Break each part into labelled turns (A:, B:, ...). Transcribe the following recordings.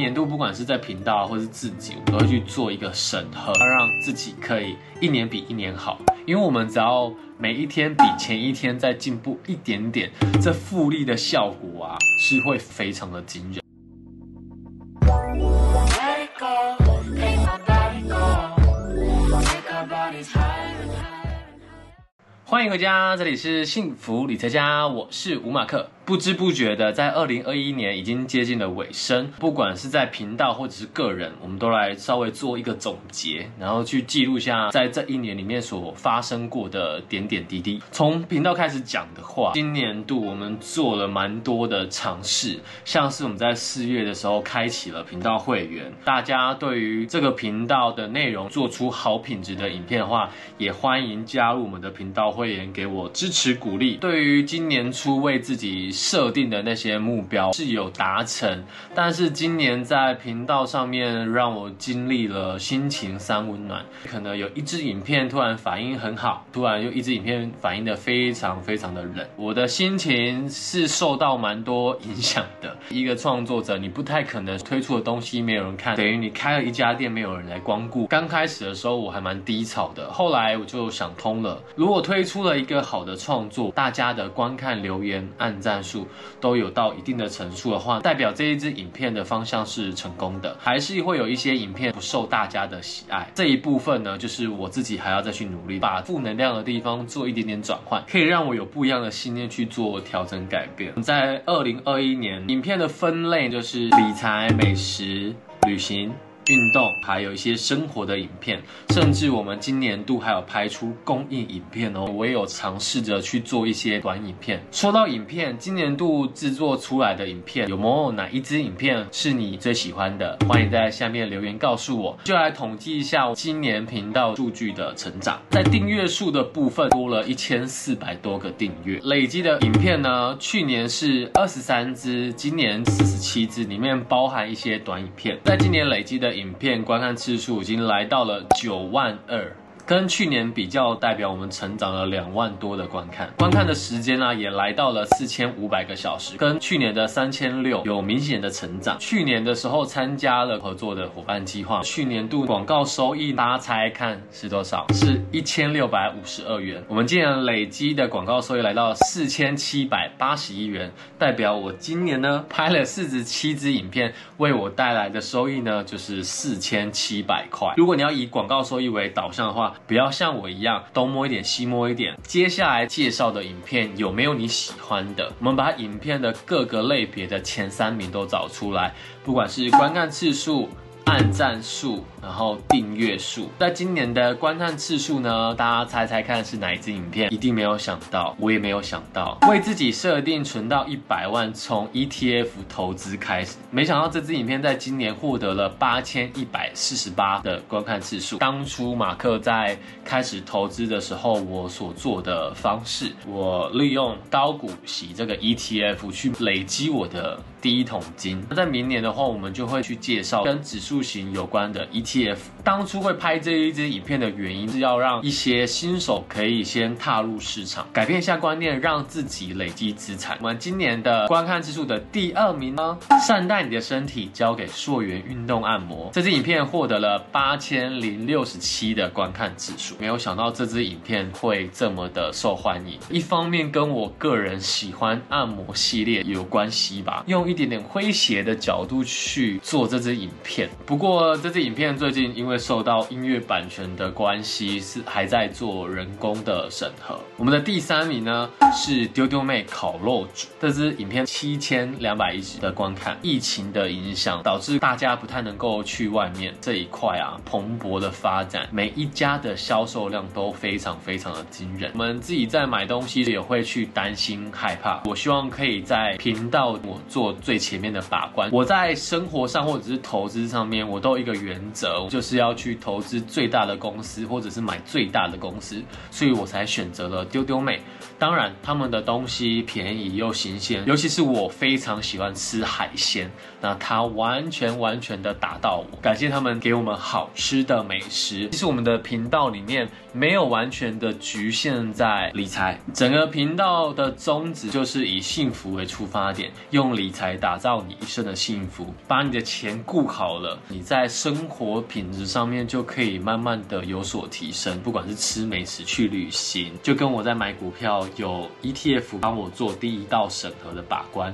A: 年度不管是在頻道或是自己，我都會去做一個審核，要讓自己可以一年比一年好。因為我們只要每一天比前一天再進步一點點，這複利的效果啊，是會非常的驚人。歡迎回家，這裡是幸福理財家，我是吳馬克。不知不覺的，在二零二一年已經接近了尾聲。不管是在頻道或者是個人，我們都來稍微做一個總結，然後去記錄下在這一年裡面所發生過的點點滴滴。從頻道開始講的話，今年度我們做了蠻多的嘗試，像是我們在四月的時候開啟了頻道會員，大家對於這個頻道的內容做出好品質的影片的話，也歡迎加入我們的頻道會。會員給我支持鼓勵，對於今年初為自己設定的那些目標是有達成，但是今年在頻道上面讓我經歷了心情三溫暖，可能有一支影片突然反應很好，突然又一支影片反應的非常非常的冷，我的心情是受到蠻多影響的。一個創作者，你不太可能推出的東西沒有人看，等於你開了一家店沒有人來光顧。剛開始的時候我還蠻低潮的，後來我就想通了，如果推出出了一個好的創作，大家的觀看、留言、按讚數都有到一定的成數的話，代表這一支影片的方向是成功的。還是會有一些影片不受大家的喜愛，這一部分呢，就是我自己還要再去努力，把負能量的地方做一點點轉換，可以讓我有不一樣的信念，去做調整改變。在二零二一年，影片的分類就是理財、美食、旅行。運動還有一些生活的影片，甚至我們今年度還有拍出公益影片哦。我也有嘗試着去做一些短影片。說到影片，今年度製作出來的影片有沒有哪一支影片是你最喜歡的？歡迎在下面留言告訴我。就來統計一下我今年頻道數據的成長，在訂閱數的部分多了一千四百多個訂閱。累積的影片呢，去年是二十三支，今年四十七支，裡面包含一些短影片。在今年累積的。影片觀看次數已經來到了九萬二。跟去年比較，代表我們成長了兩萬多的觀看，觀看的時間呢、啊、也來到了四千五百個小時，跟去年的三千六有明顯的成長。去年的時候參加了合作的夥伴計劃，去年度廣告收益大家猜看是多少？是一千六百五十二元。我們今年累積的廣告收益來到四千七百八十一元，代表我今年呢拍了四十七支影片，為我帶來的收益呢就是四千七百塊。如果你要以廣告收益為導向的話，不要像我一樣，東摸一點，西摸一點。接下來介紹的影片有沒有你喜歡的？我們把影片的各個類別的前三名都找出來，不管是觀看次數。按讚數，然後訂閱數，在今年的觀看次數呢？大家猜猜看是哪一支影片？一定沒有想到，我也沒有想到，為自己設定存到一百萬，從 ETF 投資開始，沒想到這支影片在今年獲得了八千一百四十八的觀看次數。當初馬克在開始投資的時候，我所做的方式，我利用高股息這個 ETF 去累積我的第一桶金。那在明年的話，我們就會去介紹跟指數。出有關的 ETF，當初會拍這一支影片的原因是要讓一些新手可以先踏入市場，改變一下觀念，讓自己累積資產。我們今年的觀看次數的第二名呢，善待你的身體，交給溯源運動按摩。這支影片獲得了八千零六十七的觀看次數，沒有想到這支影片會這麼的受歡迎。一方面跟我個人喜歡按摩系列有關係吧，用一點點詼諧的角度去做這支影片。不過這支影片最近因為受到音樂版權的關係，是還在做人工的審核。我們的第三名呢，是丟丟妹烤肉，這支影片七千兩百一十的觀看。疫情的影響導致大家不太能夠去外面，這一塊啊蓬勃的發展，每一家的銷售量都非常非常的驚人。我們自己在買東西也會去擔心害怕。我希望可以在頻道我做最前面的把關。我在生活上或者是投資上面，我都有一個原則，就是要去投資最大的公司，或者是買最大的公司，所以我才選擇了丟丟妹。當然，他們的東西便宜又新鮮，尤其是我非常喜歡吃海鮮，那他完全完全的打到我。感謝他們給我們好吃的美食。其實我們的頻道裡面沒有完全的局限在理財，整個頻道的宗旨就是以幸福為出發點，用理財打造你一生的幸福，把你的錢顧好了。你在生活品質上面就可以慢慢的有所提升，不管是吃美食、去旅行，就跟我在買股票有 ETF 幫我做第一道審核的把關，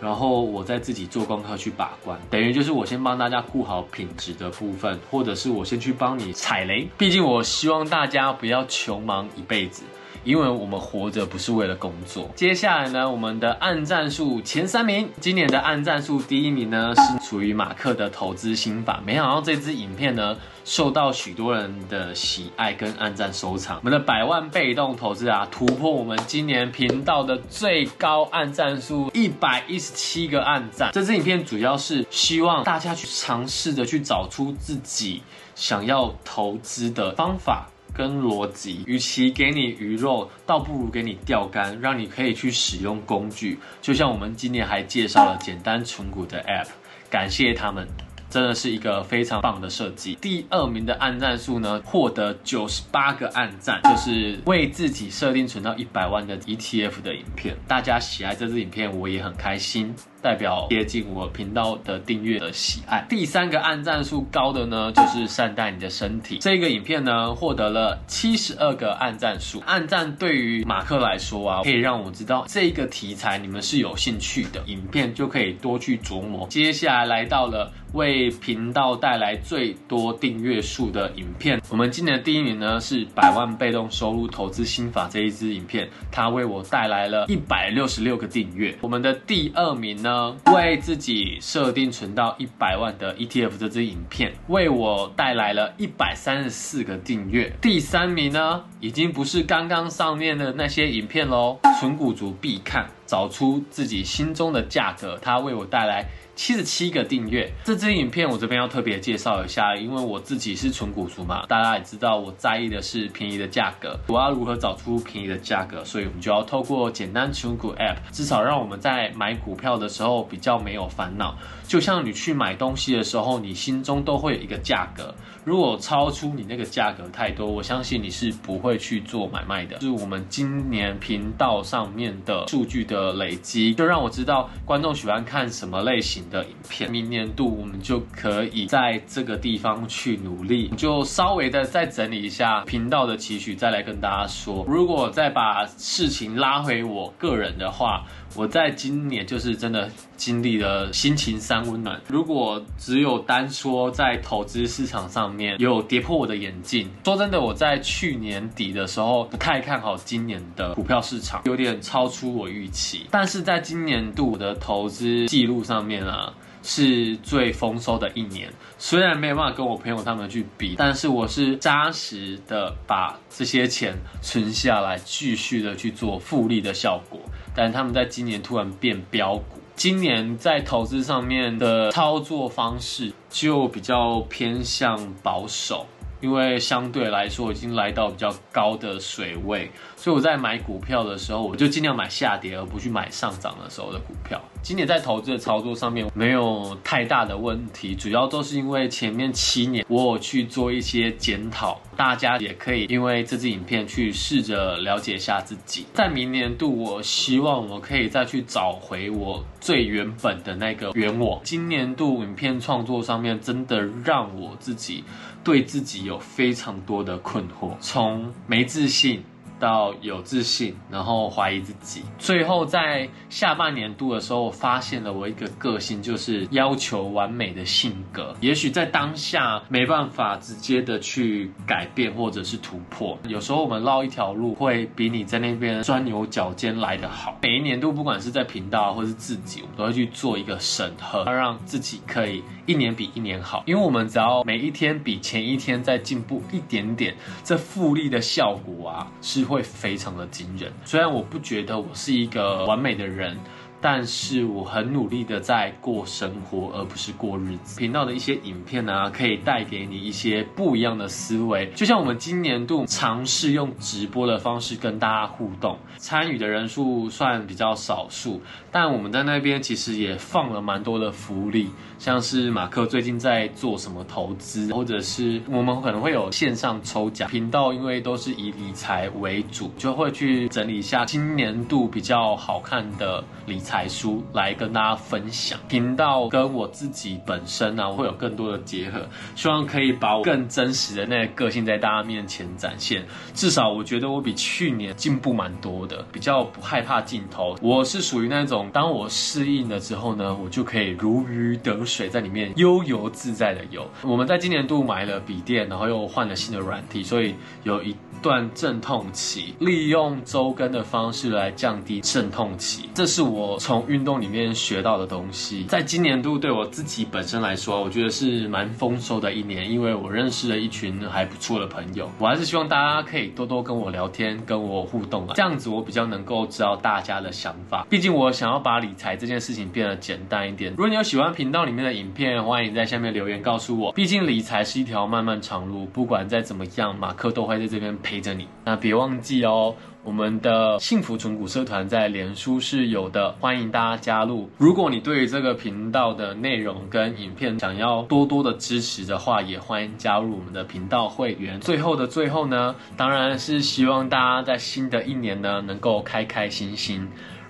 A: 然後我再自己做功課去把關，等於就是我先幫大家顧好品質的部分，或者是我先去幫你踩雷，畢竟我希望大家不要窮忙一輩子。因為我們活着不是為了工作。接下來呢，我們的按讚數前三名，今年的按讚數第一名呢是屬於馬克的投資心法。沒想到這支影片呢受到許多人的喜愛跟按讚收藏。我們的百萬被動投資啊，突破我們今年頻道的最高按讚數一百一十七個按讚。這支影片主要是希望大家去嘗試着去找出自己想要投資的方法。跟邏輯，與其給你魚肉，倒不如給你釣竿，讓你可以去使用工具。就像我們今年還介紹了簡單存股的 App，感謝他們，真的是一個非常棒的設計。第二名的按讚數呢，獲得九十八個按讚，就是為自己設定存到一百萬的 ETF 的影片，大家喜愛這支影片，我也很開心。代表接近我頻道的訂閱的喜愛。第三個按讚數高的呢，就是善待你的身體。這個影片呢，獲得了七十二個按讚數。按讚對於馬克來說啊，可以讓我知道這個題材你們是有興趣的，影片就可以多去琢磨。接下來來到了為頻道帶來最多訂閱數的影片。我們今年的第一名呢，是百萬被動收入投資心法這一支影片，它為我帶來了一百六十六個訂閱。我們的第二名呢。為自己設定存到一百萬的 ETF 這支影片，為我帶來了一百三十四個訂閱。第三名呢，已經不是剛剛上面的那些影片嘍，存股族必看，找出自己心中的價格，它為我帶來。七十七個訂閱，這支影片我這邊要特別介紹一下，因為我自己是存股族嘛，大家也知道我在意的是便宜的價格，我要如何找出便宜的價格，所以我們就要透過簡單存股 App，至少讓我們在買股票的時候比較沒有煩惱。就像你去買東西的時候，你心中都會有一個價格，如果超出你那個價格太多，我相信你是不會去做買賣的。就是我們今年頻道上面的數據的累積，就讓我知道觀眾喜歡看什麼類型的影片，明年度我們就可以在這個地方去努力，就稍微的再整理一下頻道的期許，再來跟大家說。如果再把事情拉回我個人的話。我在今年就是真的經歷了心情三溫暖。如果只有單說在投資市場上面有跌破我的眼鏡，說真的，我在去年底的時候不太看好今年的股票市場，有點超出我預期。但是在今年度我的投資記錄上面啊，是最豐收的一年。雖然沒有辦法跟我朋友他們去比，但是我是扎實的把這些錢存下來，繼續的去做複利的效果。但他們在今年突然變標股，今年在投資上面的操作方式就比較偏向保守。因為相對來說已經來到比較高的水位，所以我在買股票的時候，我就盡量買下跌，而不去買上漲的時候的股票。今年在投資的操作上面沒有太大的問題，主要都是因為前面七年我有去做一些檢討，大家也可以因為這支影片去試着了解一下自己。在明年度，我希望我可以再去找回我最原本的那個原我。今年度影片創作上面，真的讓我自己。對自己有非常多的困惑，從沒自信，到有自信，然後懷疑自己。最後在下半年度的時候，我發現了我一個個性，就是要求完美的性格。也許在當下沒辦法直接的去改變或者是突破。有時候我們繞一條路，會比你在那邊鑽牛角尖來得好。每一年度，不管是在頻道或是自己，我們都會去做一個審核，要讓自己可以一年比一年好。因為我們只要每一天比前一天再進步一點點，這複利的效果啊是，會非常的驚人，雖然我不覺得我是一個完美的人。但是我很努力的在過生活，而不是過日子。頻道的一些影片呢、啊，可以帶給你一些不一樣的思維。就像我們今年度嘗試用直播的方式跟大家互動，參與的人數算比較少數，但我們在那邊其實也放了蠻多的福利，像是馬克最近在做什麼投資，或者是我們可能會有線上抽獎。頻道因為都是以理財為主，就會去整理一下今年度比較好看的理財。才書來跟大家分享。頻道跟我自己本身呢、啊、會有更多的結合，希望可以把我更真實的那個個性在大家面前展現。至少我覺得我比去年進步蠻多的，比較不害怕鏡頭。我是屬於那種當我適應了之後呢，我就可以如魚得水，在裡面悠游自在的游。我們在今年度買了筆電，然後又換了新的軟體，所以有一。斷陣痛期，利用周更的方式來降低陣痛期，這是我從運動裡面學到的東西。在今年度對我自己本身來說，我覺得是蠻豐收的一年，因為我認識了一群還不錯的朋友。我還是希望大家可以多多跟我聊天，跟我互動啊，這樣子我比較能夠知道大家的想法。畢竟我想要把理財這件事情變得簡單一點。如果你有喜歡頻道裡面的影片，歡迎在下面留言告訴我。畢竟理財是一條漫漫長路，不管再怎麼樣，馬克都會在這邊。陪着你，那別忘記哦。我們的幸福存股社團在臉書是有的，歡迎大家加入。如果你對於這個頻道的內容跟影片想要多多的支持的話，也歡迎加入我們的頻道會員。最後的最後呢，當然是希望大家在新的一年呢，能夠開開心心。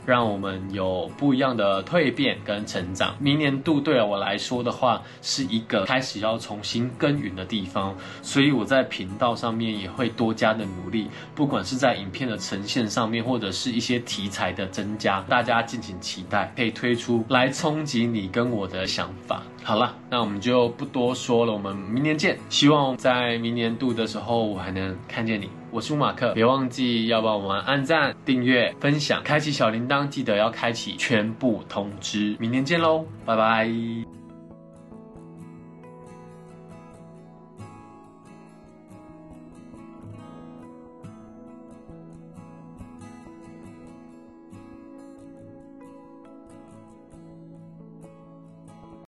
A: 讓我們有不一樣的蛻變跟成長。明年度，對我來說的話，是一個開始要重新耕耘的地方，所以我在頻道上面也會多加的努力，不管是在影片的呈現上面，或者是一些題材的增加，大家敬請期待，可以推出來衝擊你跟我的想法。好啦，那我們就不多說了，我們明年見。希望在明年度的時候，我還能看見你。我是吳馬克，別忘記要幫我們按贊、訂閱、分享、開啟小鈴鐺，記得要開啟全部通知。明天見嘍，拜拜。